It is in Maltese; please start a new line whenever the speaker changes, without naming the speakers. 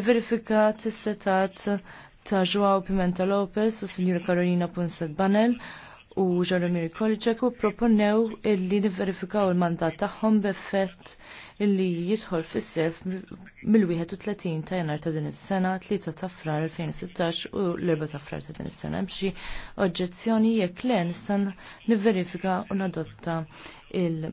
Iverifikat t setat ta' Joao Pimenta Lopez u Signora Carolina Ponset Banel u Jaromir Kolicek u proponew illi niverifikaw il-mandat tagħhom b'effett illi jidħol fis-sef mill-31 ta' jannar ta' din is-sena, 3 ta' frar 2016 u l-4 ta' frar ta' din is-sena. Mxi oġġezzjoni jekk le nistan niverifika u nadotta il-